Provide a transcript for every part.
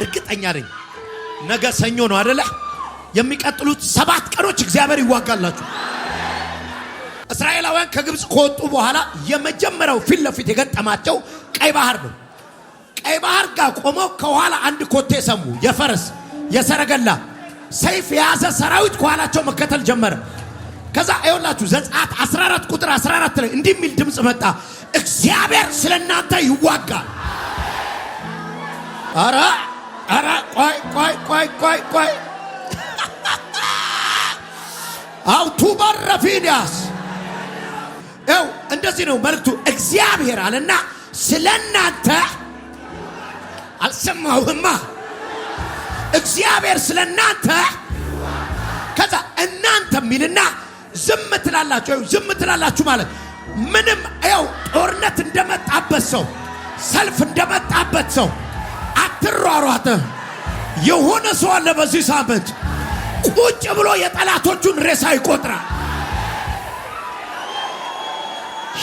እርግጠኛ ነኝ። ነገ ሰኞ ነው አደለ? የሚቀጥሉት ሰባት ቀኖች እግዚአብሔር ይዋጋላችሁ። እስራኤላውያን ከግብፅ ከወጡ በኋላ የመጀመሪያው ፊት ለፊት የገጠማቸው ቀይ ባህር ነው። ቀይ ባህር ጋር ቆመው ከኋላ አንድ ኮቴ ሰሙ። የፈረስ የሰረገላ ሰይፍ የያዘ ሰራዊት ከኋላቸው መከተል ጀመረ። ከዛ አይወላችሁ ዘጸአት 14 ቁጥር 14 ላይ እንዲህ የሚል ድምፅ መጣ፣ እግዚአብሔር ስለ እናንተ ይዋጋል። ኧረ ቆይ ቆይ ቆይ ቆይ ቆይ አውቱ በረፊንያስ ው እንደዚህ ነው መልእክቱ። እግዚአብሔር አለና ስለ እናንተ አልሰማሁህማ። እግዚአብሔር ስለ እናንተ ከዛ እናንተ የሚልና ዝም ትላላችሁ። ዝም ትላላችሁ ማለት ምንም ው ጦርነት እንደመጣበት ሰው ሰልፍ እንደመጣበት ሰው አትሯሯጥ። የሆነ ሰው አለ በዚህ ሳምንት ቁጭ ብሎ የጠላቶቹን ሬሳ ይቆጥራል።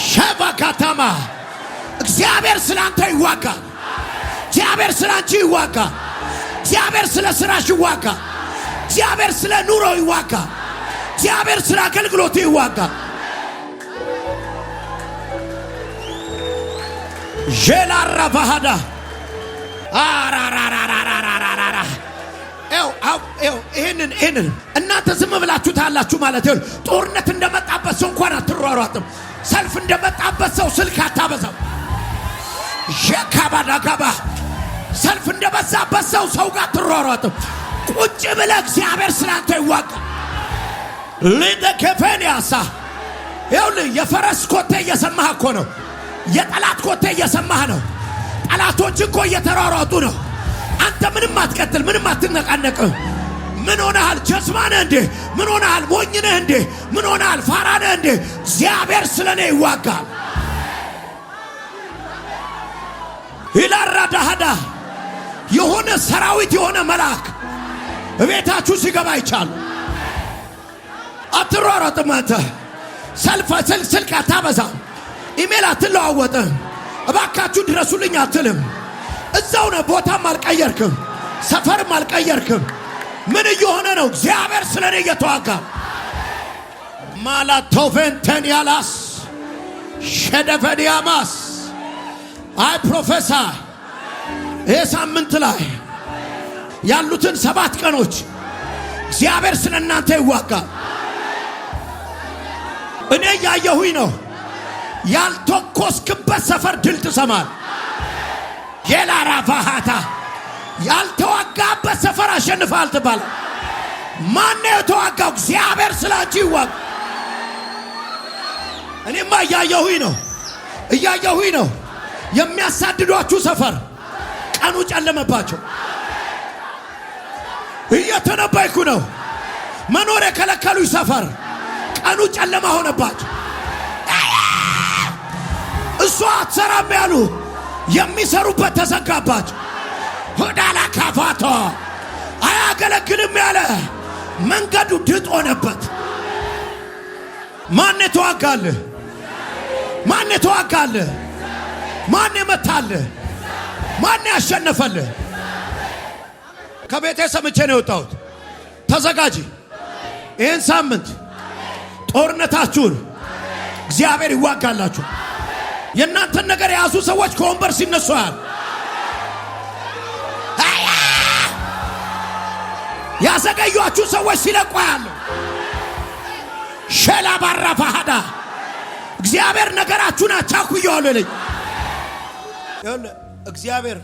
ሸባ ከተማ እግዚአብሔር ስላንተ ይዋጋ እግዚአብሔር ስለ አንቺ እግዚአብሔር ስለ ስራሽ ይዋጋ፣ እግዚአብሔር ስለ ኑሮ ይዋጋ፣ እግዚአብሔር ስለ አገልግሎት ይዋጋ። ዤላራ ባህዳ ይሄንን ይሄንን እናንተ ዝም ብላችሁ ታላችሁ ማለት ይሁን። ጦርነት እንደመጣበት ሰው እንኳን አትሯሯጥም። ሰልፍ እንደመጣበት ሰው ስልክ አታበዛም። ሸካባዳጋባ ሰልፍ እንደበዛበት ሰው ሰው ጋር አትሯሯጥም። ቁጭ ብለ እግዚአብሔር ስላንተ ይዋጋ። ሊደ ከፌንያሳ ይኸውልህ የፈረስ ኮቴ እየሰማህ እኮ ነው። የጠላት ኮቴ እየሰማህ ነው። ጠላቶች እኮ እየተሯሯጡ ነው። አንተ ምንም አትቀጥል፣ ምንም አትነቃነቅ። ምን ሆነሃል? ጀዝማ እንዴ? ምን ሆነሃል? ሞኝ እንዴ? ምን ሆነሃል? ፋራነ እንዴ? እግዚአብሔር ስለ እኔ ይዋጋል ይላራዳሃዳ የሆነ ሰራዊት የሆነ መልአክ እቤታችሁ ሲገባ ይቻሉ። አትሯሯጥም። አንተ ሰልፍ ስልክ አታበዛም። ኢሜል አትለዋወጥም። እባካችሁ ድረሱልኝ አትልም። እዛው ነው። ቦታም አልቀየርክም፣ ሰፈርም አልቀየርክም። ምን እየሆነ ነው? እግዚአብሔር ስለ እኔ እየተዋጋ ማላቶቬንተን ያላስ ሸደፈዲያማስ አይ ፕሮፌሰር ይህ ሳምንት ላይ ያሉትን ሰባት ቀኖች እግዚአብሔር ስለ እናንተ ይዋጋ እኔ እያየሁኝ ነው። ያልተኮስክበት ሰፈር ድል ትሰማል። የላራ ቫሃታ ያልተዋጋበት ሰፈር አሸንፋል ትባል። ማነው የተዋጋው? እግዚአብሔር ስላችሁ ይዋጋ። እኔማ እያየሁኝ ነው፣ እያየሁኝ ነው። የሚያሳድዷችሁ ሰፈር ቀኑ ጨለመባቸው። እየተነበይኩ ነው። መኖር የከለከሉኝ ሰፈር ቀኑ ጨለማ ሆነባቸው። እሷ አትሰራም ያሉ የሚሰሩበት ተዘጋባቸው። ሆዳላ ካፋቷ አያገለግልም ያለ መንገዱ ድጥ ሆነበት። ማን የተዋጋለ? ማን የተዋጋለ? ማን የመታለ? ማን ያሸነፈለ? ከቤቴ ሰምቼ ነው የወጣሁት። ተዘጋጂ። ይህን ሳምንት ጦርነታችሁን እግዚአብሔር ይዋጋላችሁ። የእናንተን ነገር የያዙ ሰዎች ከወንበር ሲነሷል። ያዘገዩአችሁ ሰዎች ሲለቁ ሸላ ባራ ፋሃዳ እግዚአብሔር ነገራችሁን አቻኩየዋለሁ ልኝ እግዚአብሔር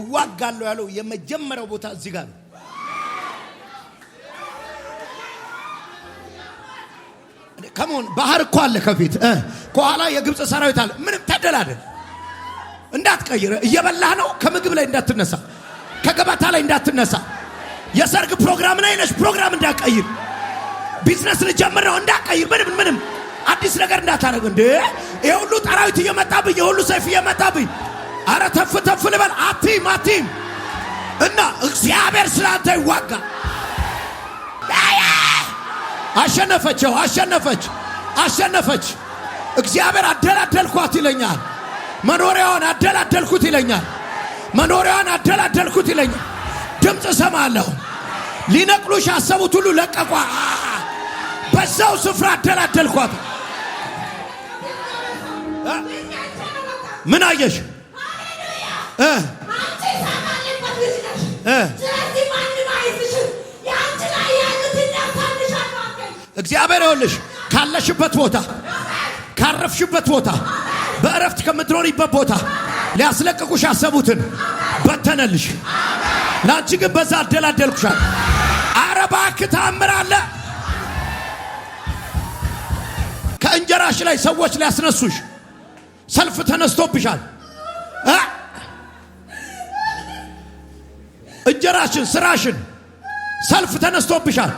እዋጋለሁ ያለው የመጀመሪያው ቦታ እዚህ ጋር ነው። ከመሆን ባህር እኮ አለ ከፊት ከኋላ የግብፅ ሰራዊት አለ። ምንም ተደላደል እንዳትቀይረ እየበላህ ነው። ከምግብ ላይ እንዳትነሳ፣ ከገበታ ላይ እንዳትነሳ፣ የሰርግ ፕሮግራም ላይ ነሽ። ፕሮግራም እንዳትቀይር፣ ቢዝነስ ልጀምር ነው እንዳትቀይር፣ ምንም ምንም አዲስ ነገር እንዳታደርግ። እንደ ይሄ ሁሉ ጠራዊት እየመጣብኝ፣ የሁሉ ሰይፍ እየመጣብኝ፣ አረ ተፍ ተፍ ልበል። አቲም አቲም እና እግዚአብሔር ስላንተ ይዋጋ። አሸነፈችው፣ አሸነፈች፣ አሸነፈች። እግዚአብሔር አደላደልኳት ይለኛል። መኖሪያዋን አደላደልኩት ይለኛል። መኖሪያዋን አደላደልኩት ይለኛል። ድምፅ እሰማለሁ። ሊነቅሉሽ አሰቡት ሁሉ ለቀቋ። በዛው ስፍራ አደላደልኳት። ምን አየሽ? እግዚአብሔር ይኸውልሽ ካለሽበት ቦታ ካረፍሽበት ቦታ በእረፍት ከምትኖሪበት ቦታ ሊያስለቅቁሽ ያሰቡትን በተነልሽ። ለአንቺ ግን በዛ አደላደልኩሻል። አረ እባክህ ታምር አለ። ከእንጀራሽ ላይ ሰዎች ሊያስነሱሽ ሰልፍ ተነስቶብሻል። እንጀራሽን፣ ስራሽን ሰልፍ ተነስቶብሻል።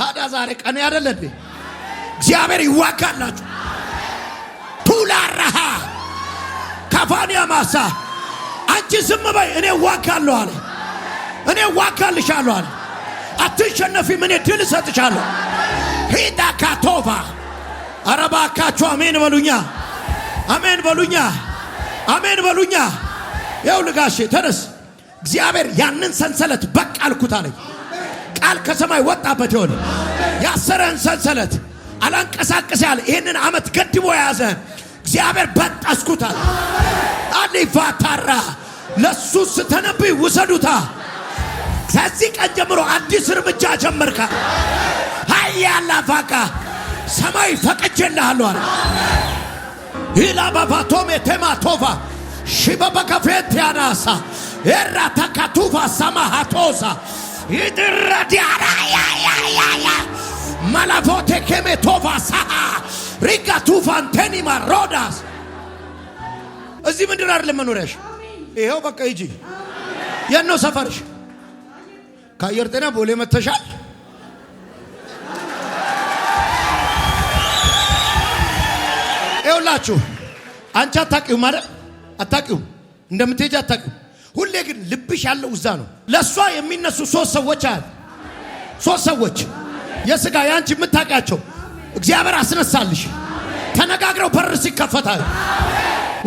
ታዲያ ዛሬ ቀን ያደለድ እግዚአብሔር ይዋጋላችሁ። ቱላራሃ ካፋኒያ ማሳ አንቺ ዝም በይ፣ እኔ ዋጋለሁ አለ። እኔ ዋጋልሻለሁ አለ። አትሸነፊም፣ እኔ ድል እሰጥሻለሁ። ሂዳ ካቶቫ አረባካችሁ አሜን በሉኛ፣ አሜን በሉኛ፣ አሜን በሉኛ። የው ልጋሼ ተነስ። እግዚአብሔር ያንን ሰንሰለት በቃ አልኩት አለኝ። ቃል ከሰማይ ወጣበት ይሆን። ያሰረን ሰንሰለት አላንቀሳቀስ ያለ ይህንን ዓመት ገድቦ የያዘህን እግዚአብሔር በጣስኩታል። ፋታራ ለሱ ስተነብይ ውሰዱታ። ከዚህ ቀን ጀምሮ አዲስ እርምጃ ጀመርካል። ሀይ ፋቃ ሰማይ ፈቅጄልሃለሁ አለ። ሂላባባቶም የቴማቶፋ ሺበበከፌት ያናሳ ኤራ ተካቱፋ ሰማሃቶሳ ይድረዲያራያያያያ መላፎቴ ኬሜቶቫሳ ሪጋቱፋንቴኒ ማሮዳስ እዚህ ምንድን አይደለም መኖሪያሽ። ይኸው በቃ ሂጂ። የት ነው ሰፈርሽ? ከአየር ጤና ቦሌ መተሻል። ይኸውላችሁ አንቺ አታውቂውም አይደል? አታውቂውም እንደምትሄጂ አታውቂውም። ሁሌ ግን ልብሽ ያለው እዛ ነው። ለእሷ የሚነሱ ሶስት ሰዎች አሉ። ሶስት ሰዎች የስጋ የአንቺ የምታውቂያቸው እግዚአብሔር አስነሳልሽ። ተነጋግረው በር ሲከፈታል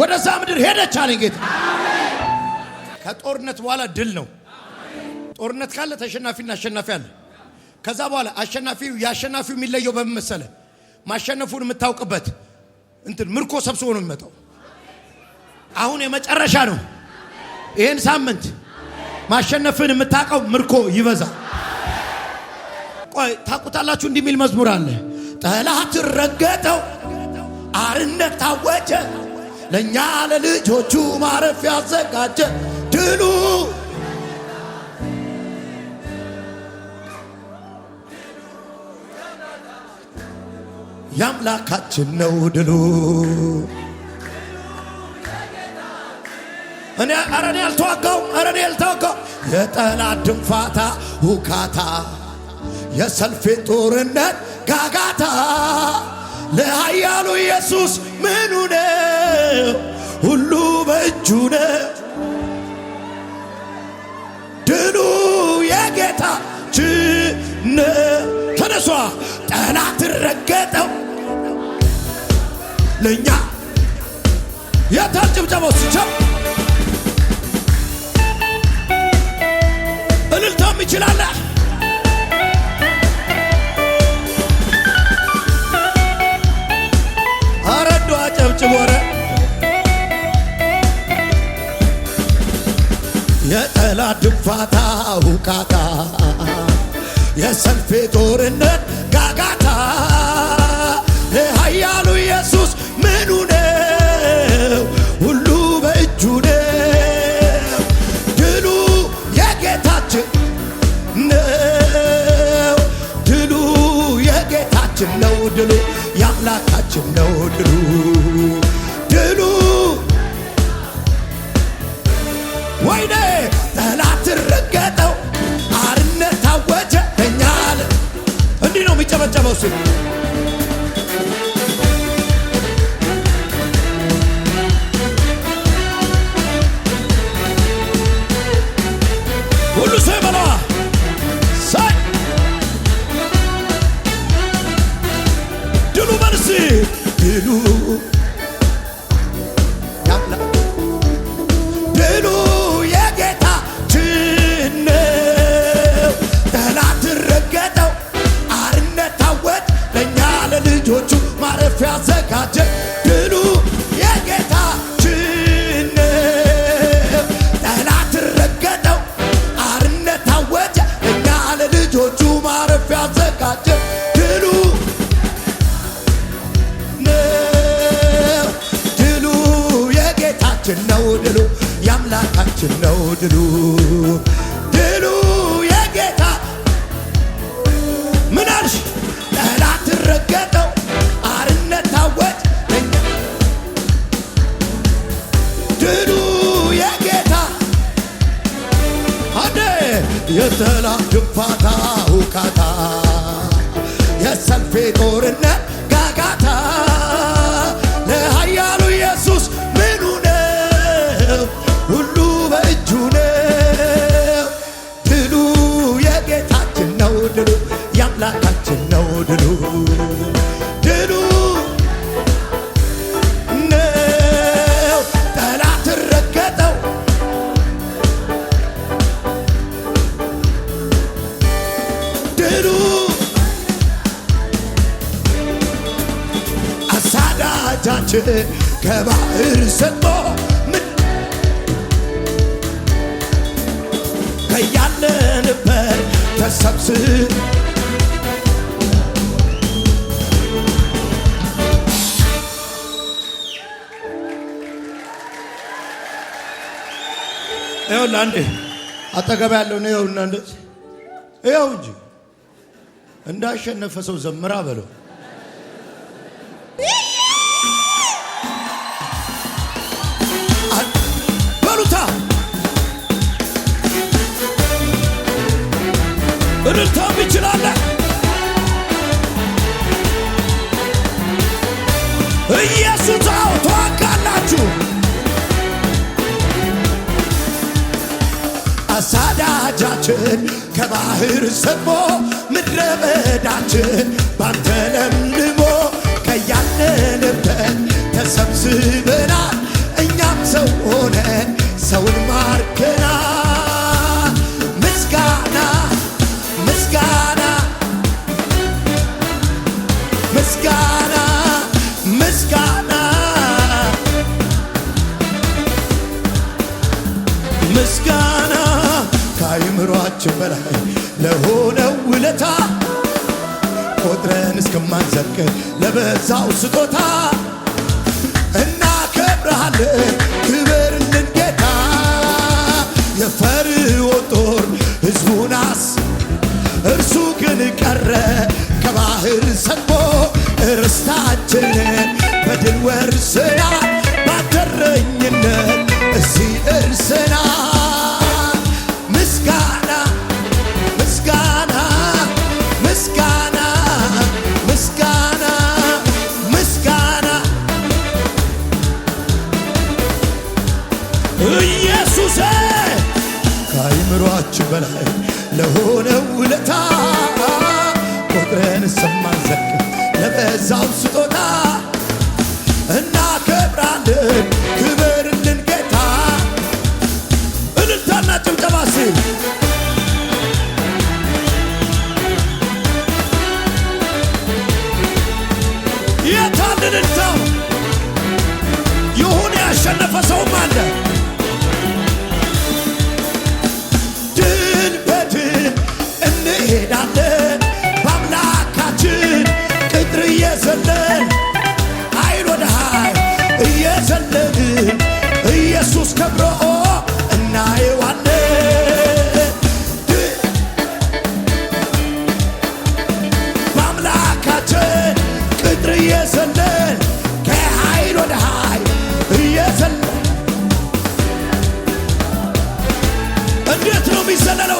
ወደዛ ምድር ሄደች አለኝ ጌታ። ከጦርነት በኋላ ድል ነው። ጦርነት ካለ ተሸናፊና አሸናፊ አለ። ከዛ በኋላ አሸናፊው የአሸናፊው የሚለየው በምን መሰለ? ማሸነፉን የምታውቅበት እንትን ምርኮ ሰብስቦ ነው የሚመጣው። አሁን የመጨረሻ ነው። ይህን ሳምንት ማሸነፍን የምታውቀው ምርኮ ይበዛል። ቆይ ታውቁታላችሁ። እንዲህ የሚል መዝሙር አለ። ጠላት ረገጠው፣ አርነት ታወጀ፣ ለእኛ ለልጆቹ ማረፍ ያዘጋጀ ድሉ የአምላካችን ነው ድሉ እኔ ኧረ እኔ አልተዋጋውም፣ ኧረ እኔ አልተዋጋውም። የጠላት ድንፋታ ሁካታ፣ የሰልፌ ጦርነት ጋጋታ ለኃያሉ ኢየሱስ ምኑ ነው? ሁሉ በእጁ ነው። ድሉ የጌታችን ተነሷ ጠላት ረገጠው ለእኛ የታጭብጨቦስ ቸው ድንፋታ ሁካታ የሰልፌ ጦርነት ጋጋታ você. ድሉ የአምላካችን ነው ድሉ ድሉ የጌታ ምን አልሽ ጠላት ረገጠው አርነት ታወጅ ድሉ የጌታ አደ የተላ ድንፋታ ሁካታ የሰልፌ ጦርነት ከባህር ሰጥቶ ከያለንበት ተሰብስብ ይኸውልህ አጠገብ ያለው ነው። ይኸውና እንደዚህ ይኸው እንጂ እንዳሸነፈ ሰው ዘምራ በለው። በድርታም ይችላለህ ኢየሱስ አዎ ተዋጋላችሁ አሳዳጃችን ከባህር ሰሞ ምድረ በዳችን ባንተ ለምልሞ ከያለንበት ተሰብስበናል እኛም ሰው ሆነን ሰውን ማርከ ከአእምሯችን በላይ ለሆነው ውለታ ቆጥረን እስከማንዘልቅ ለበዛው ስጦታ እናከብርሃለን ክብርልን ጌታ የፈርዖን ጦር ሕዝቡን እርሱ ግን ቀረ ከባህር ሰጥሞ እርስታችንን በድል ወርስናል እየዘለን ከኃይል እንዴት ነው የሚዘለለው?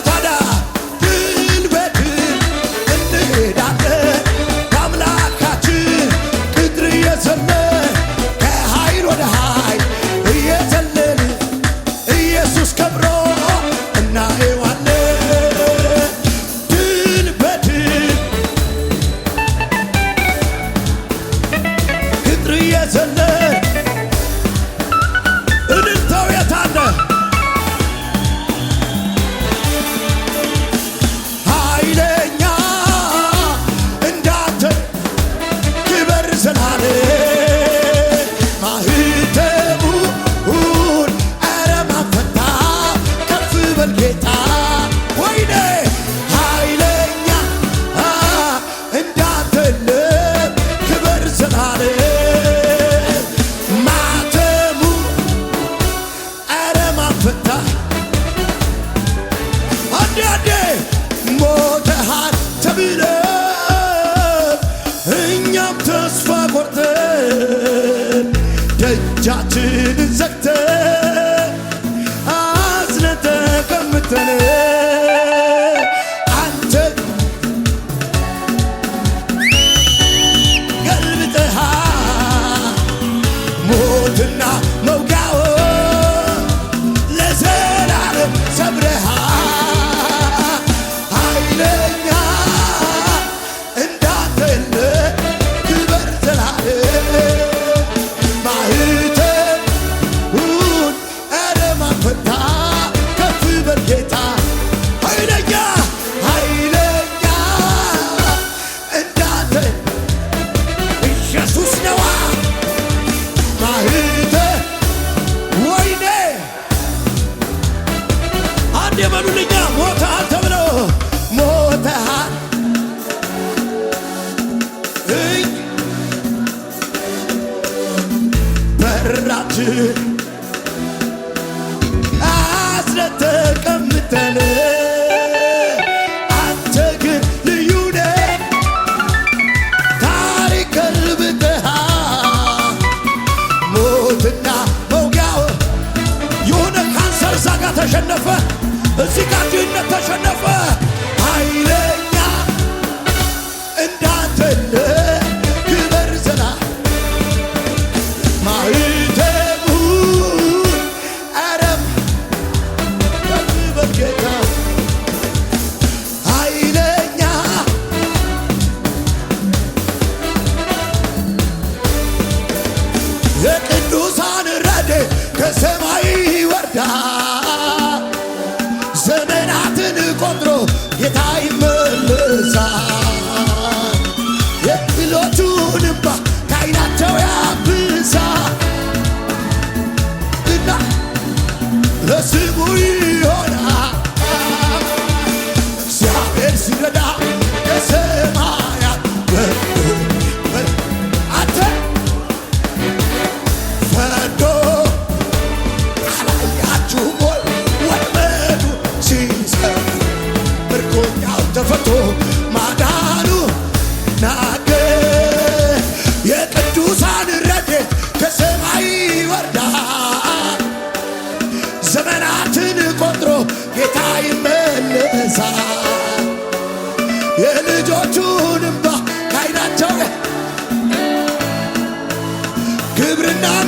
tener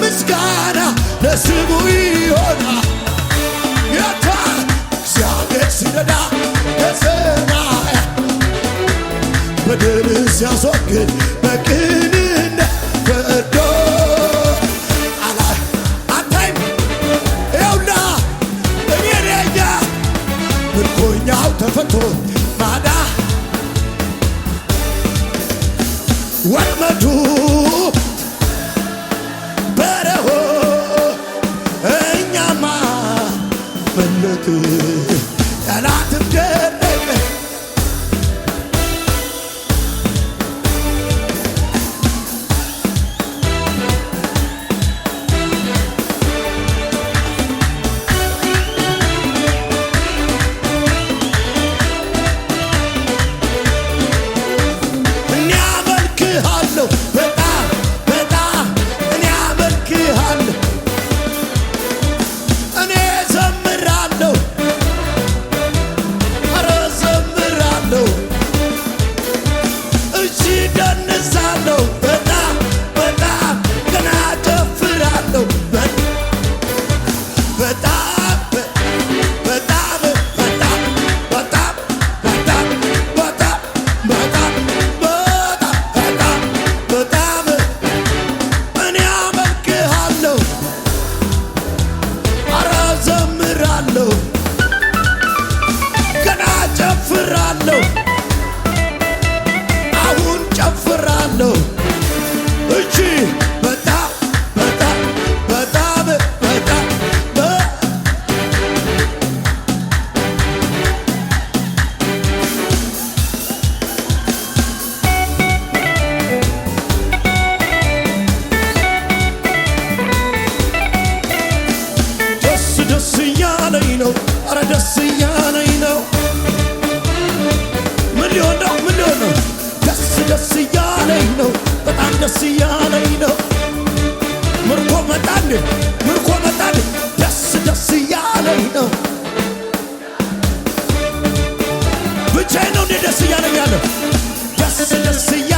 ምስጋና ለስሙ ይሆናል። ጌታ እግዚአብሔር ሲረዳ በድል ሲያስወግድ በቅ ጨፍራለሁ፣ አሁን ጨፍራለሁ እቺ ነው ደስ ደስ እያ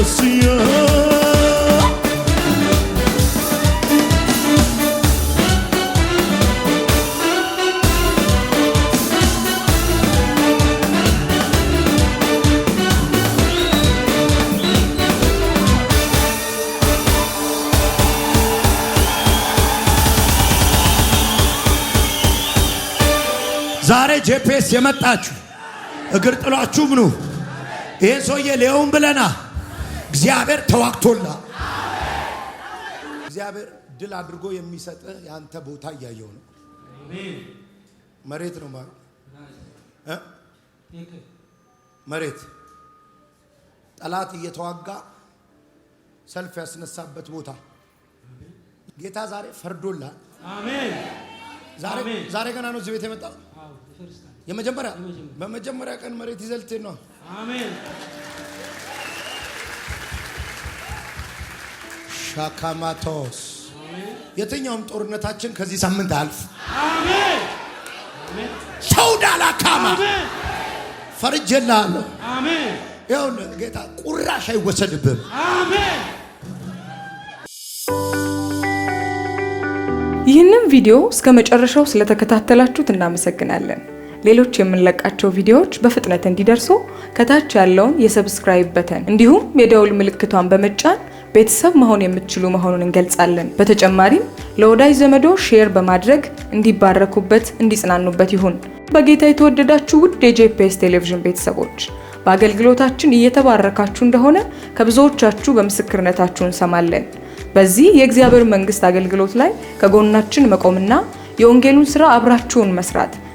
ዛሬ ጄፒኤስ የመጣችሁ እግር ጥሏችሁም ኑ! ይህን ሰውዬ ሌውን ብለና እግዚአብሔር ተዋግቶላ እግዚአብሔር ድል አድርጎ የሚሰጥህ የአንተ ቦታ እያየው ነው። መሬት ነው ማ መሬት ጠላት እየተዋጋ ሰልፍ ያስነሳበት ቦታ ጌታ ዛሬ ፈርዶላል። ዛሬ ገና ነው እዚህ ቤት የመጣው የመጀመሪያ በመጀመሪያ ቀን መሬት ይዘልት ነው። ሻካማቶስ የትኛውም ጦርነታችን ከዚህ ሳምንት አልፍ። አሜን። ፈርጀላለሁ። ይኸውልህ ጌታ ቁራሽ አይወሰድብም። አሜን። ይህንን ቪዲዮ እስከ መጨረሻው ስለተከታተላችሁት እናመሰግናለን። ሌሎች የምንለቃቸው ቪዲዮዎች በፍጥነት እንዲደርሱ ከታች ያለውን የሰብስክራይብ በተን እንዲሁም የደውል ምልክቷን በመጫን ቤተሰብ መሆን የምትችሉ መሆኑን እንገልጻለን። በተጨማሪም ለወዳጅ ዘመዶ ሼር በማድረግ እንዲባረኩበት፣ እንዲጽናኑበት ይሁን። በጌታ የተወደዳችሁ ውድ የጄፒኤስ ቴሌቪዥን ቤተሰቦች በአገልግሎታችን እየተባረካችሁ እንደሆነ ከብዙዎቻችሁ በምስክርነታችሁ እንሰማለን። በዚህ የእግዚአብሔር መንግስት አገልግሎት ላይ ከጎናችን መቆምና የወንጌሉን ስራ አብራችሁን መስራት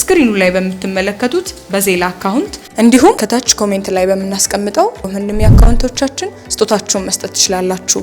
ስክሪኑ ላይ በምትመለከቱት በዜላ አካውንት እንዲሁም ከታች ኮሜንት ላይ በምናስቀምጠው ምንም የአካውንቶቻችን ስጦታችሁን መስጠት ትችላላችሁ።